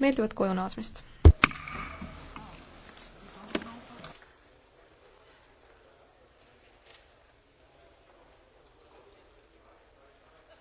meeldivat koju naasmist!